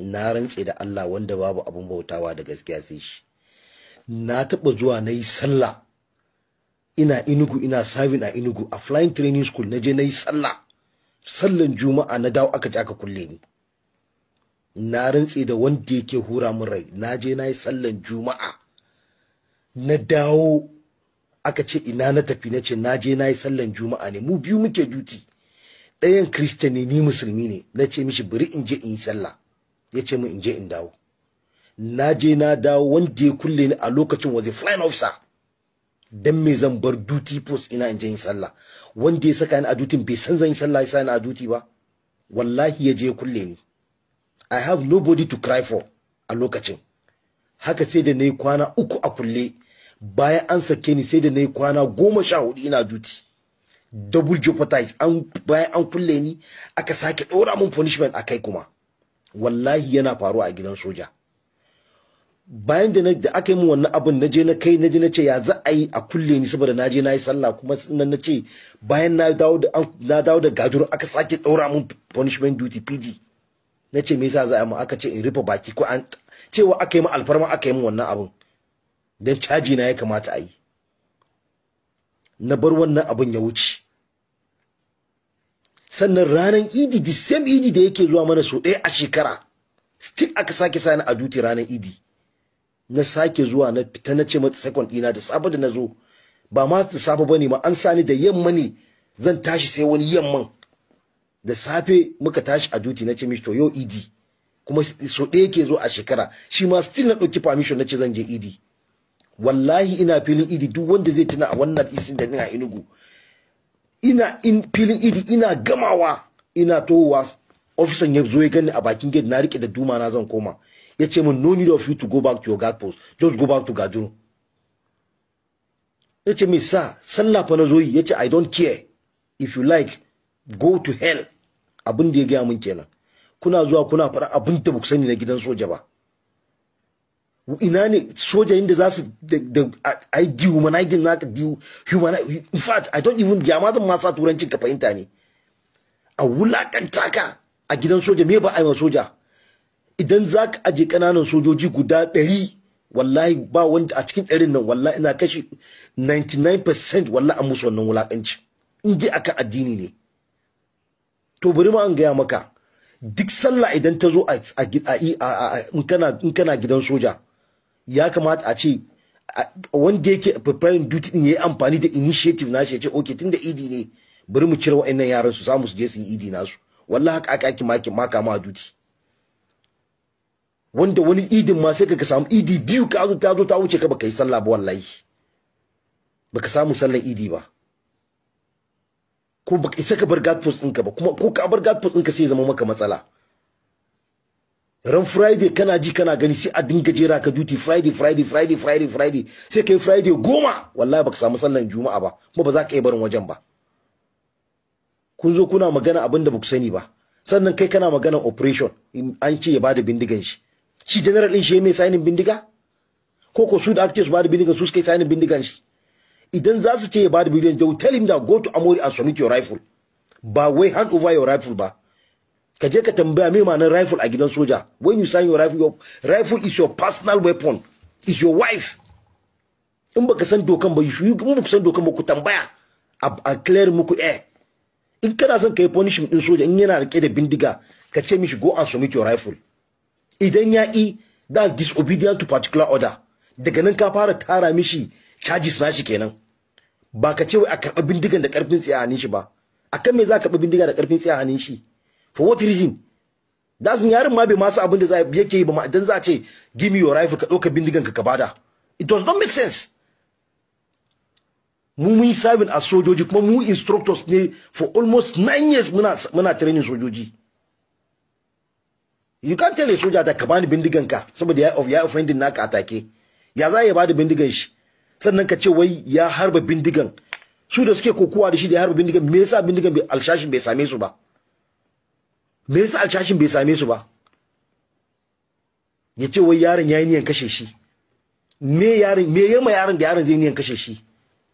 na rantse da Allah wanda babu abun bautawa da gaskiya sai shi na taba zuwa nayi sallah ina inugu ina sabin a inugu a flying training school na je na sallah sallan juma'a na dawo aka ji aka kulle ni na rantse da wanda yake hura min rai na je na yi sallan juma'a na dawo aka ce ina na tafi na ce na je na sallan juma'a ne mu biyu muke duti ɗayan kristiyani ni musulmi ne na ce mishi bari in je in yi sallah ya ce min in je in dawo na je na dawo wanda ya kulle ni a lokacin was a flying officer dan me zan bar duty post ina in je in sallah wanda ya saka ni a duty bai san zan yi sallah ya sa ni a duty ba wallahi ya je ya kulle ni i have nobody to cry for a lokacin haka sai da nayi kwana uku a kulle bayan an sake ni sai da nayi kwana goma sha hudu ina duty double jeopardize an bayan an kulle ni aka sake ɗora mun punishment akai kuma wallahi yana faruwa a gidan soja bayan da aka yi min wannan abin na je na kai na je na ce ya za a yi a kulle ni saboda na je na yi sallah kuma sannan na ce bayan na dawo da na aka sake ɗaura mun punishment duty PD na ce me yasa za a yi mu aka ce in rufe baki ko an cewa aka yi min alfarma aka yi mu wannan abin dan caji na ya kamata a yi na bar wannan abin ya wuce sannan ranar idi the same idi da yake zuwa mana sau ɗaya a shekara still aka sake sani a duti ranar idi na sake zuwa na fita na ce mata second ɗina da safe da na zo ba ma da safe bane ma an sani da yamma ne zan tashi sai wani yamman da safe muka tashi a duti na ce mishi to yau idi kuma sau ɗaya yake zo a shekara shi ma still na ɗauki permission na ce zan je idi wallahi ina filin idi duk wanda zai tuna a wannan isin da ni a enugu ina in filin idi ina gamawa ina towa ofisan ya zo ya gani a bakin gate na rike da duma na zan koma ya ce min no need of you to go back to your guard post just go back to gaduru ya ce min sa sallah fa na zo ya ce i don't care if you like go to hell abin da ya gaya min kenan kuna zuwa kuna fara abin da ba ku sani na gidan soja ba ina ne sojayin da za su da a yi dehumanizing naka dehumanizing in fact i don't even ya ma zan ma sa turancin ka fahimta ne a wulakanta ka a gidan soja me ba a yi soja idan za ka aje kananan sojoji guda ɗari wallahi ba wanda a cikin ɗarin nan wallahi ina kashi 99% wallahi an musu wannan wulakanci in je akan addini ne to bari ma an gaya maka duk sallah idan ta zo a in kana gidan soja ya kamata a ce wanda yake preparing duty din yayi amfani da initiative nashi ya ce okay da idi ne bari mu cire wa'annan yaran su samu su je su yi idi nasu wallahi haka aka ki maki maka ma duty wanda wani idin ma sai ka samu idi biyu ka zo ta zo ta wuce ka baka yi sallah ba wallahi baka samu sallar idi ba ko baka isa ka bar gad post ɗinka ba kuma ko ka bar gad post ɗinka sai zama maka matsala ran friday kana ji kana gani sai a dinga jera ka duty friday friday friday friday friday sai kai friday goma wallahi baka samu sallan juma'a ba kuma ba za ka iya barin wajen ba kun zo kuna magana abin da baku sani ba sannan kai kana magana operation an ce ya bada bindigan shi shi general din shi mai sainin bindiga ko ko su da aka su bada bindigan su suka yi sainin bindigan shi idan za su ce ya bada bindigan they will tell him that go to amori and submit your rifle ba wai hand over your rifle ba ka je ka tambaya me ma'anar rifle a gidan soja when you sign your rifle your rifle is your personal weapon is your wife in baka san dokan ba you kuma baka san dokan ba ku tambaya a clear muku eh in kana son kai punishment din soja in yana rike da bindiga ka ce mishi go and submit your rifle idan ya yi that's disobedient to particular order daga nan ka fara tara mishi charges shi kenan ba ka ce wai a karɓi bindigan da karfin a hannun shi ba akan me za ka karɓi bindiga da karfin a hannun shi for what reason that's mean yarin ma bai masu abin da yake yi ba dan za ce give me your rifle ka ɗauka bindigan ka ka bada it does not make sense mu mu sabin a sojoji kuma mu instructors ne for almost nine years muna muna training sojoji you can't tell a soja ta bani bindigan ka saboda ya of ya offending naka atake ya za ya bada bindigan shi sannan ka ce wai ya harba bindigan su da suke kokowa da shi da ya harba bindigan me yasa bindigan bai alshashin bai same su ba me yasa alshashin bai same su ba ya ce wai yaron ya yi niyan kashe shi me yaron me ya ma yaron da yaron zai niyan kashe shi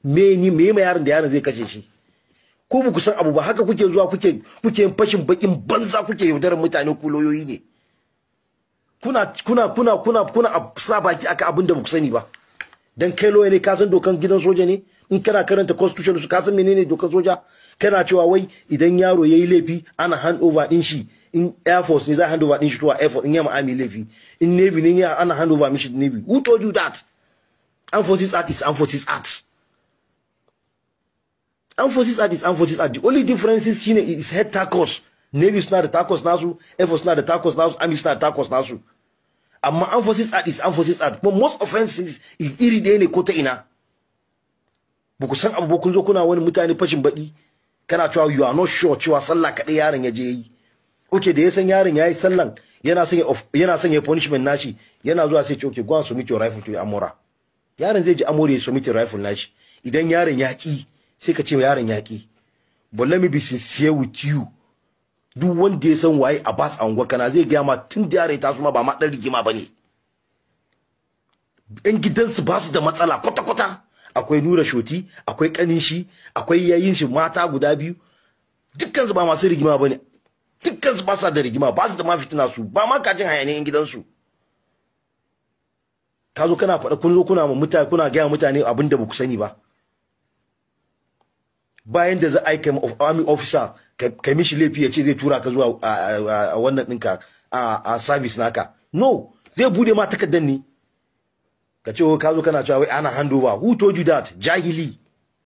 me ni me ma yaron da yaron zai kashe shi ko ba ku san abu ba haka kuke zuwa kuke kuke fashin bakin banza kuke yaudarar mutane ku loyoyi ne kuna kuna kuna kuna kuna sa baki aka abin da ba ku sani ba dan kai loya ne ka san dokan gidan soja ne in kana karanta constitution su ka san menene dokan soja kana cewa wai idan yaro yayi laifi ana hand over din shi in air force ne za hand over din shi to air force in yamma army laifi in navy ne ya ana hand over mishi navy who told you that armed forces act is armed forces act armed forces act is armed forces act the only difference is shine is head tacos navy suna da tacos nasu air force suna da tacos nasu army suna da tacos nasu amma armed forces act is armed forces act but most offenses is iri ɗaya ne ko ta ina ba ku san abu ba kun zo kuna wani mutane fashin baki kana cewa you are not sure cewa sallah kaɗai yaron ya je yi oke da ya san yaron ya yi sallan yana son yana son ya punishment nashi yana zuwa sai ce okay go and submit your rifle to your amora yaron zai ji amore ya submit rifle nashi idan yaron ya ki sai ka ce yaron ya ki but let me be sincere with you duk wanda ya san waye Abbas unguwa kana zai gaya ma tun da yare ta suma ba ma dan rigima ne yan gidansu ba su da matsala kwata-kwata akwai nura shoti akwai kanin shi akwai yayin shi mata guda biyu dukkan su ba masu rigima bane dukkan su ba sa da rigima ba su da ma fitina su ba ma kajin gidan su ka zo kana faɗa kun zo kuna ma mutane kuna ga mutane abin da ba ku sani ba bayan da za a kai of army officer ka mishi laifi ya ce zai tura ka zuwa a wannan ɗinka a service naka no zai bude ma takardar ne ka ce ka kana cewa wai ana handover who told you that jahili